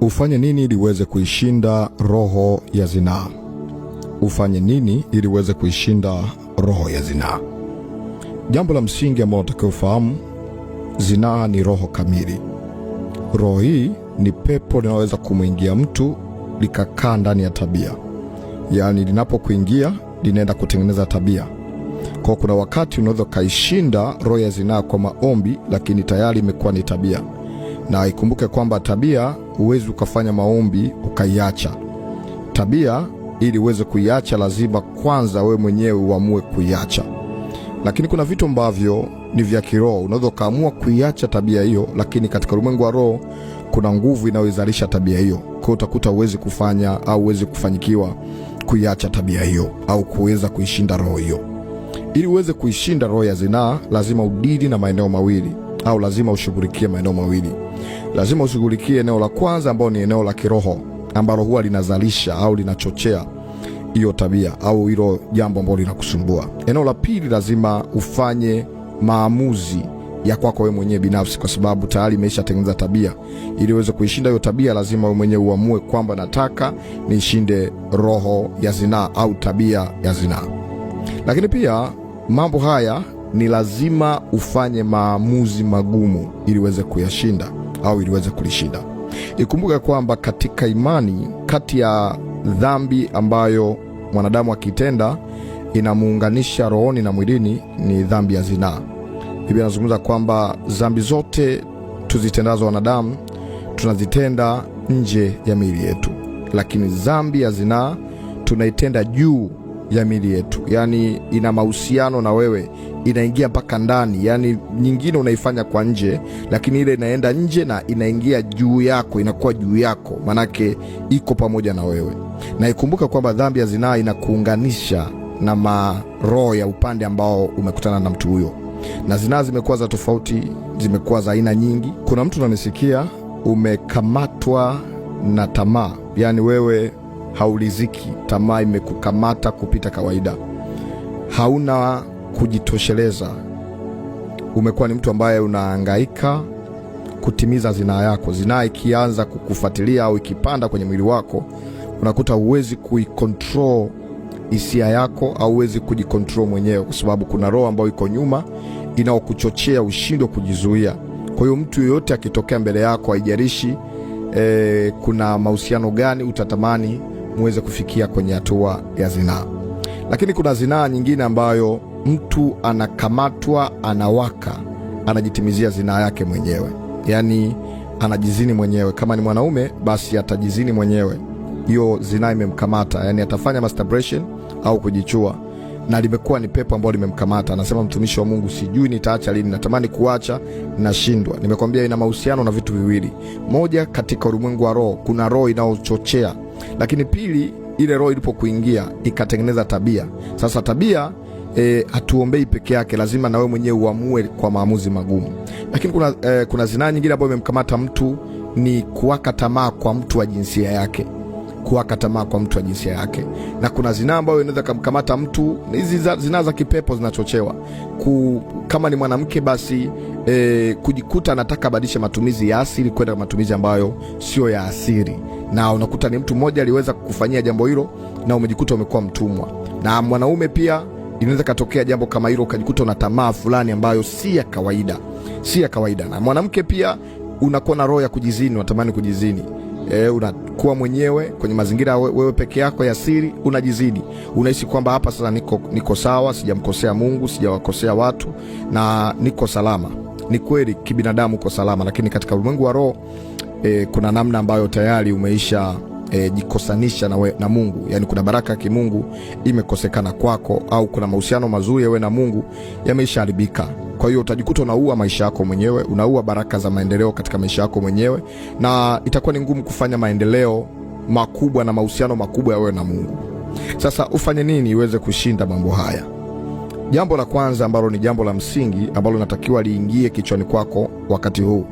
Ufanye nini ili uweze kuishinda roho ya zinaa? Ufanye nini ili uweze kuishinda roho ya zinaa? Jambo la msingi ambalo unatakiwa ufahamu, zinaa ni roho kamili. Roho hii ni pepo linaloweza kumwingia mtu likakaa ndani ya tabia, yaani linapokuingia linaenda kutengeneza tabia. Kwa kuna wakati unaweza ukaishinda roho ya zinaa kwa maombi, lakini tayari imekuwa ni tabia, na ikumbuke kwamba tabia huwezi ukafanya maombi ukaiacha tabia. Ili uweze kuiacha, lazima kwanza wewe mwenyewe uamue kuiacha. Lakini kuna vitu ambavyo ni vya kiroho, unaweza ukaamua kuiacha tabia hiyo, lakini katika ulimwengu wa roho kuna nguvu inayoizalisha tabia hiyo. Kwa hiyo utakuta huwezi kufanya au huwezi kufanyikiwa kuiacha tabia hiyo au kuweza kuishinda roho hiyo. Ili uweze kuishinda roho ya zinaa, lazima udili na maeneo mawili au lazima ushughulikie maeneo mawili lazima ushughulikie eneo la kwanza, ambao ni eneo la kiroho ambalo huwa linazalisha au linachochea hiyo tabia au hilo jambo ambalo linakusumbua. Eneo la pili, lazima ufanye maamuzi ya kwako wewe mwenyewe binafsi, kwa sababu tayari imeshatengeneza tabia. Ili uweze kuishinda hiyo tabia, lazima wewe mwenyewe uamue kwamba nataka niishinde roho ya zinaa au tabia ya zinaa. Lakini pia mambo haya ni lazima ufanye maamuzi magumu ili uweze kuyashinda au iliweze kulishinda. Ikumbuka kwamba katika imani, kati ya dhambi ambayo mwanadamu akitenda inamuunganisha rohoni na mwilini ni dhambi ya zinaa. Biblia inazungumza kwamba dhambi zote tuzitendazo wanadamu tunazitenda nje ya miili yetu, lakini dhambi ya zinaa tunaitenda juu ya mili yetu, yaani ina mahusiano na wewe, inaingia mpaka ndani. Yaani nyingine unaifanya kwa nje, lakini ile inaenda nje na inaingia juu yako, inakuwa juu yako, manake iko pamoja na wewe. Na ikumbuka kwamba dhambi ya zinaa inakuunganisha na maroho ya upande ambao umekutana na mtu huyo, na zinaa zimekuwa za tofauti, zimekuwa za aina nyingi. Kuna mtu unanisikia, umekamatwa na tamaa, yaani wewe hauliziki, tamaa imekukamata kupita kawaida, hauna kujitosheleza, umekuwa ni mtu ambaye unahangaika kutimiza zinaa yako. Zinaa ikianza kukufuatilia au ikipanda kwenye mwili wako, unakuta huwezi kuikontrol hisia yako au huwezi kujikontrol mwenyewe, kwa sababu kuna roho ambayo iko nyuma inaokuchochea ushindwe kujizuia. Kwa hiyo mtu yoyote akitokea mbele yako, haijalishi e, kuna mahusiano gani, utatamani muweze kufikia kwenye hatua ya zinaa. Lakini kuna zinaa nyingine ambayo mtu anakamatwa, anawaka, anajitimizia zinaa yake mwenyewe, yaani anajizini mwenyewe. Kama ni mwanaume, basi atajizini mwenyewe, hiyo zinaa imemkamata, yaani atafanya masturbation au kujichua na limekuwa ni pepo ambalo limemkamata. Anasema mtumishi wa Mungu, sijui nitaacha lini, natamani kuacha, nashindwa. Nimekwambia ina mahusiano na vitu viwili. Moja, katika ulimwengu wa roho kuna roho inayochochea lakini pili, ile roho ilipokuingia ikatengeneza tabia. Sasa tabia E, hatuombei peke yake, lazima na wewe mwenyewe uamue kwa maamuzi magumu. Lakini kuna, e, kuna zinaa nyingine ambayo imemkamata mtu ni kuwaka tamaa kwa mtu wa jinsia yake, kuwaka tamaa kwa mtu wa jinsia yake. Na kuna zinaa ambayo inaweza kumkamata mtu, hizi zinaa za kipepo zinachochewa ku, kama ni mwanamke basi e, kujikuta anataka badilisha matumizi ya asili kwenda matumizi ambayo sio ya asili na unakuta ni mtu mmoja aliweza kukufanyia jambo hilo na umejikuta umekuwa mtumwa. Na mwanaume pia inaweza katokea jambo kama hilo, ukajikuta una tamaa fulani ambayo si ya kawaida, si ya kawaida. Na mwanamke pia unakuwa na roho ya kujizini, unatamani kujizini E, unakuwa mwenyewe kwenye mazingira wewe peke yako ya siri, unajizidi, unahisi kwamba hapa sasa niko, niko sawa, sijamkosea Mungu, sijawakosea watu na niko salama. Ni kweli kibinadamu uko salama, lakini katika ulimwengu wa roho e, kuna namna ambayo tayari umeisha E, jikosanisha na, we, na Mungu yani, kuna baraka ya kimungu imekosekana kwako, au kuna mahusiano mazuri yawe na Mungu yameishaharibika. Kwa hiyo utajikuta unaua maisha yako mwenyewe, unaua baraka za maendeleo katika maisha yako mwenyewe, na itakuwa ni ngumu kufanya maendeleo makubwa na mahusiano makubwa wewe na Mungu. Sasa ufanye nini iweze kushinda mambo haya? Jambo la kwanza ambalo ni jambo la msingi ambalo natakiwa liingie kichwani kwako wakati huu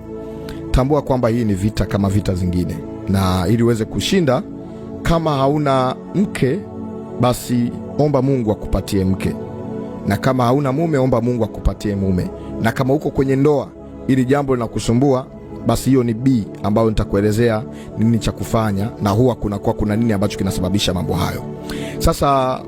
tambua kwamba hii ni vita kama vita zingine, na ili uweze kushinda, kama hauna mke, basi omba Mungu akupatie mke, na kama hauna mume, omba Mungu akupatie mume, na kama uko kwenye ndoa, ili jambo linakusumbua basi hiyo ni B ambayo nitakuelezea nini cha kufanya, na huwa kunakuwa kuna nini ambacho kinasababisha mambo hayo. Sasa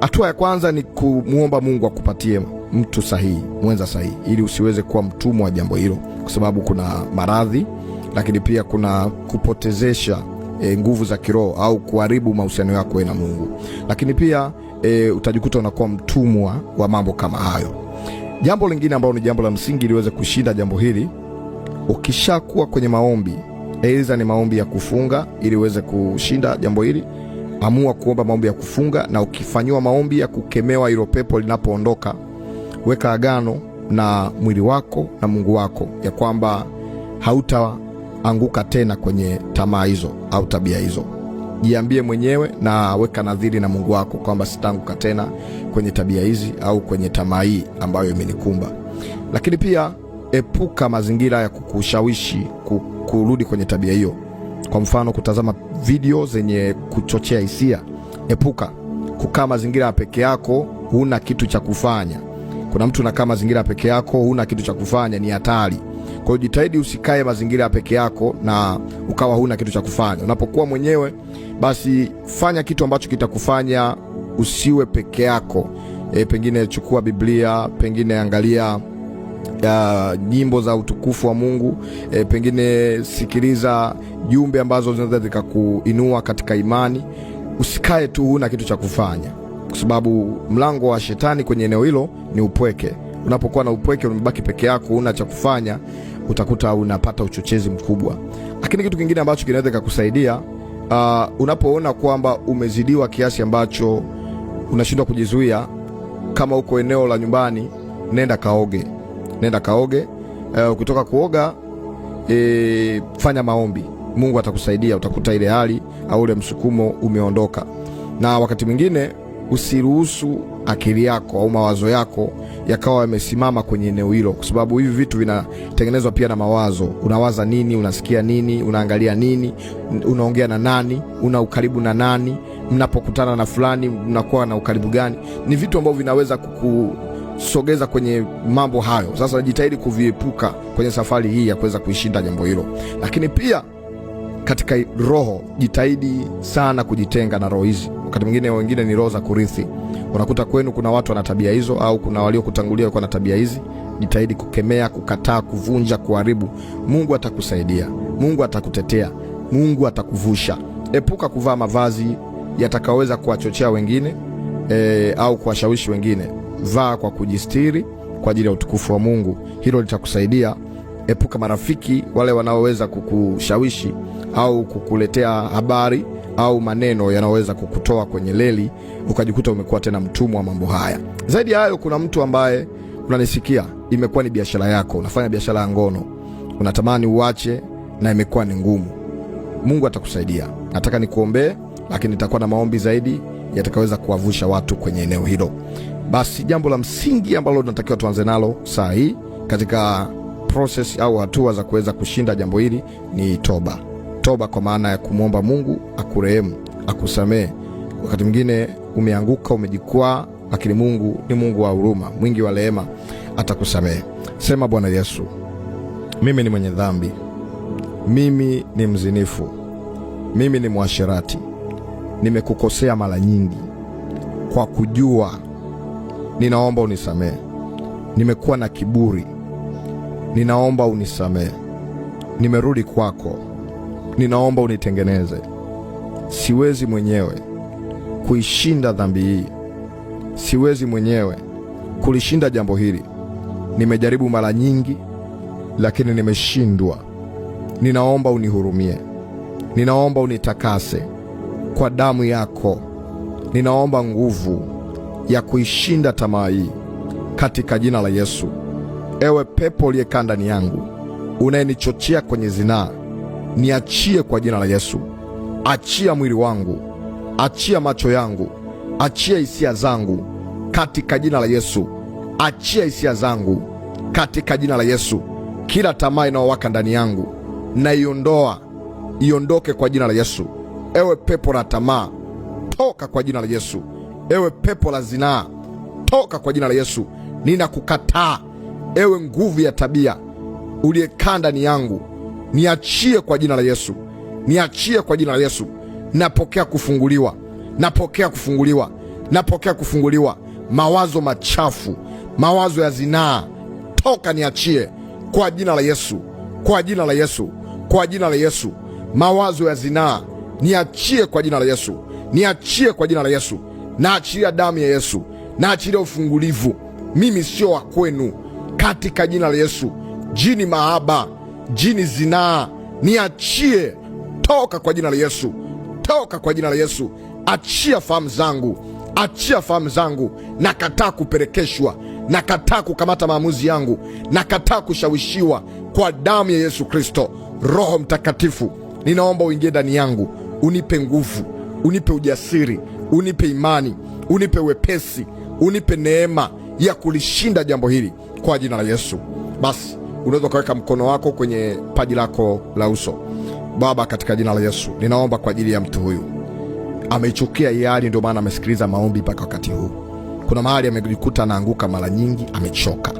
hatua ya kwanza ni kumwomba Mungu akupatie mtu sahihi, mwenza sahihi, ili usiweze kuwa mtumwa wa jambo hilo kwa sababu kuna maradhi, lakini pia kuna kupotezesha e, nguvu za kiroho au kuharibu mahusiano yako na Mungu, lakini pia e, utajikuta unakuwa mtumwa wa mambo kama hayo. Jambo lingine ambalo ni jambo la msingi liweze kushinda jambo hili, ukishakuwa kwenye maombi, aidha ni maombi ya kufunga, ili uweze kushinda jambo hili amua kuomba maombi ya kufunga, na ukifanyiwa maombi ya kukemewa hilo pepo linapoondoka, weka agano na mwili wako na Mungu wako, ya kwamba hautaanguka tena kwenye tamaa hizo au tabia hizo. Jiambie mwenyewe na weka nadhiri na Mungu wako kwamba sitaanguka tena kwenye tabia hizi au kwenye tamaa hii ambayo imenikumba. Lakini pia epuka mazingira ya kukushawishi kurudi kwenye tabia hiyo. Kwa mfano, kutazama video zenye kuchochea hisia, epuka. Kukaa mazingira ya peke yako, huna kitu cha kufanya kuna mtu unakaa mazingira peke yako, huna kitu cha kufanya, ni hatari. Kwa hiyo jitahidi usikae mazingira peke yako na ukawa huna kitu cha kufanya. Unapokuwa mwenyewe, basi fanya kitu ambacho kitakufanya usiwe peke yako. E, pengine chukua Biblia, pengine angalia ya nyimbo za utukufu wa Mungu e, pengine sikiliza jumbe ambazo zinaweza zikakuinua katika imani. Usikae tu huna kitu cha kufanya kwa sababu mlango wa shetani kwenye eneo hilo ni upweke. Unapokuwa na upweke, umebaki peke yako, una cha kufanya, utakuta unapata uchochezi mkubwa. Lakini kitu kingine ambacho kinaweza kukusaidia uh, unapoona kwamba umezidiwa kiasi ambacho unashindwa kujizuia, kama uko eneo la nyumbani, nenda kaoge, nenda kaoge. Uh, ukitoka kuoga e, fanya maombi, Mungu atakusaidia, utakuta ile hali au ule msukumo umeondoka. Na wakati mwingine usiruhusu akili yako au mawazo yako yakawa yamesimama kwenye eneo hilo, kwa sababu hivi vitu vinatengenezwa pia na mawazo. Unawaza nini? Unasikia nini? Unaangalia nini? Unaongea na nani? Una ukaribu na nani? Mnapokutana na fulani mnakuwa na ukaribu gani? Ni vitu ambavyo vinaweza kukusogeza kwenye mambo hayo. Sasa najitahidi kuviepuka kwenye safari hii ya kuweza kuishinda jambo hilo, lakini pia katika roho, jitahidi sana kujitenga na roho hizi wakati mwingine wengine ni roho za kurithi. Unakuta kwenu kuna watu wana tabia hizo, au kuna waliokutangulia walikuwa na tabia hizi. Jitahidi kukemea, kukataa, kuvunja, kuharibu. Mungu atakusaidia, Mungu atakutetea, Mungu atakuvusha. Epuka kuvaa mavazi yatakaweza kuwachochea wengine e, au kuwashawishi wengine. Vaa kwa kujistiri kwa ajili ya utukufu wa Mungu, hilo litakusaidia. Epuka marafiki wale wanaoweza kukushawishi au kukuletea habari au maneno yanayoweza kukutoa kwenye leli ukajikuta umekuwa tena mtumwa wa mambo haya. Zaidi ya hayo, kuna mtu ambaye unanisikia, imekuwa ni biashara yako, unafanya biashara ya ngono, unatamani uache na imekuwa ni ngumu. Mungu atakusaidia. Nataka nikuombee, lakini nitakuwa na maombi zaidi yatakaweza kuwavusha watu kwenye eneo hilo. Basi jambo la msingi ambalo tunatakiwa tuanze nalo saa hii katika proses au hatua za kuweza kushinda jambo hili ni toba toba kwa maana ya kumwomba Mungu akurehemu, akusamehe. Wakati mwingine umeanguka, umejikwaa, lakini Mungu ni Mungu wa huruma, mwingi wa rehema, atakusamehe. Sema, Bwana Yesu, mimi ni mwenye dhambi, mimi ni mzinifu, mimi ni mwasherati, nimekukosea mara nyingi, kwa kujua. Ninaomba unisamehe, nimekuwa na kiburi, ninaomba unisamehe, nimerudi kwako ninaomba unitengeneze. Siwezi mwenyewe kuishinda dhambi hii, siwezi mwenyewe kulishinda jambo hili. Nimejaribu mara nyingi, lakini nimeshindwa. Ninaomba unihurumie, ninaomba unitakase kwa damu yako, ninaomba nguvu ya kuishinda tamaa hii katika jina la Yesu. Ewe pepo uliyekaa ndani yangu, unayenichochea kwenye zinaa niachie kwa jina la Yesu. Achia mwili wangu, achia macho yangu, achia hisia zangu katika jina la Yesu. Achia hisia zangu katika jina la Yesu. Kila tamaa inayowaka ndani yangu na iondoa, iondoke kwa jina la Yesu. Ewe pepo la tamaa, toka kwa jina la Yesu. Ewe pepo la zinaa, toka kwa jina la Yesu. Ninakukataa ewe nguvu ya tabia uliyekaa ndani yangu niachie kwa jina la Yesu, niachie kwa jina la Yesu. Napokea kufunguliwa, napokea kufunguliwa, napokea kufunguliwa. Mawazo machafu, mawazo ya zinaa, toka niachie kwa jina la Yesu, kwa jina la Yesu, kwa jina la Yesu. Mawazo ya zinaa niachie kwa jina la Yesu, niachie kwa jina la Yesu. Naachilia damu ya Yesu, naachilia ufungulivu. Mimi sio wa kwenu katika jina la Yesu. Jini mahaba jini zinaa, niachie. Toka kwa jina la Yesu, toka kwa jina la Yesu. Achia fahamu zangu, achia fahamu zangu. Nakataa kupelekeshwa, nakataa kukamata maamuzi yangu, nakataa kushawishiwa kwa damu ya Yesu Kristo. Roho Mtakatifu, ninaomba uingie ndani yangu, unipe nguvu, unipe ujasiri, unipe imani, unipe wepesi, unipe neema ya kulishinda jambo hili kwa jina la Yesu. Basi unaweza ukaweka mkono wako kwenye paji lako la uso. Baba, katika jina la Yesu ninaomba kwa ajili ya mtu huyu, ameichukia hiari, ndio maana amesikiliza maombi mpaka wakati huu. Kuna mahali amejikuta anaanguka mara nyingi, amechoka.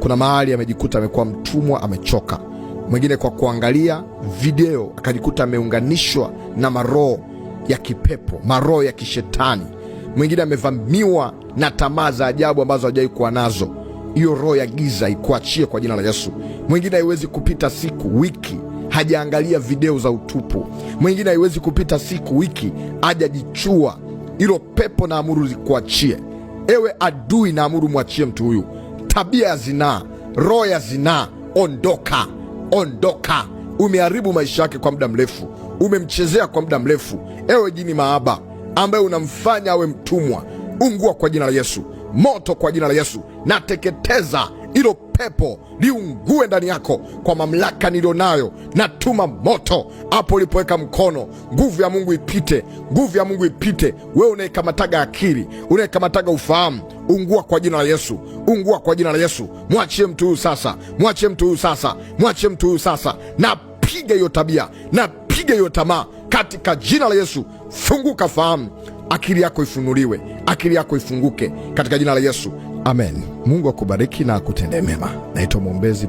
Kuna mahali amejikuta amekuwa mtumwa, amechoka. Mwingine kwa kuangalia video akajikuta ameunganishwa na maroho ya kipepo, maroho ya kishetani. Mwingine amevamiwa na tamaa za ajabu ambazo hajawahi kuwa nazo hiyo roho ya giza ikuachie kwa jina la Yesu. Mwingine haiwezi kupita siku, wiki hajaangalia video za utupu. Mwingine haiwezi kupita siku, wiki hajajichua. Hilo pepo na amuru likuachie. Ewe adui, na amuru mwachie mtu huyu. Tabia ya zinaa, roho ya zinaa, ondoka, ondoka. Umeharibu maisha yake kwa muda mrefu, umemchezea kwa muda mrefu. Ewe jini maaba ambaye unamfanya awe mtumwa, ungua kwa jina la Yesu moto kwa jina la Yesu. Nateketeza hilo pepo liungue ndani yako kwa mamlaka nilionayo, natuma moto hapo ulipoweka mkono. Nguvu ya Mungu ipite, nguvu ya Mungu ipite. Wewe unaikamataga akili, unaikamataga ufahamu, ungua kwa jina la Yesu, ungua kwa jina la Yesu. Mwachie mtu huyu sasa, mwachie mtu huyu sasa, mwachie mtu huyu sasa. Napiga hiyo tabia, napiga hiyo tamaa katika jina la Yesu. Funguka fahamu akili yako ifunuliwe, akili yako ifunguke katika jina la Yesu, amen. Mungu akubariki na akutendee mema. Naitwa mwombezi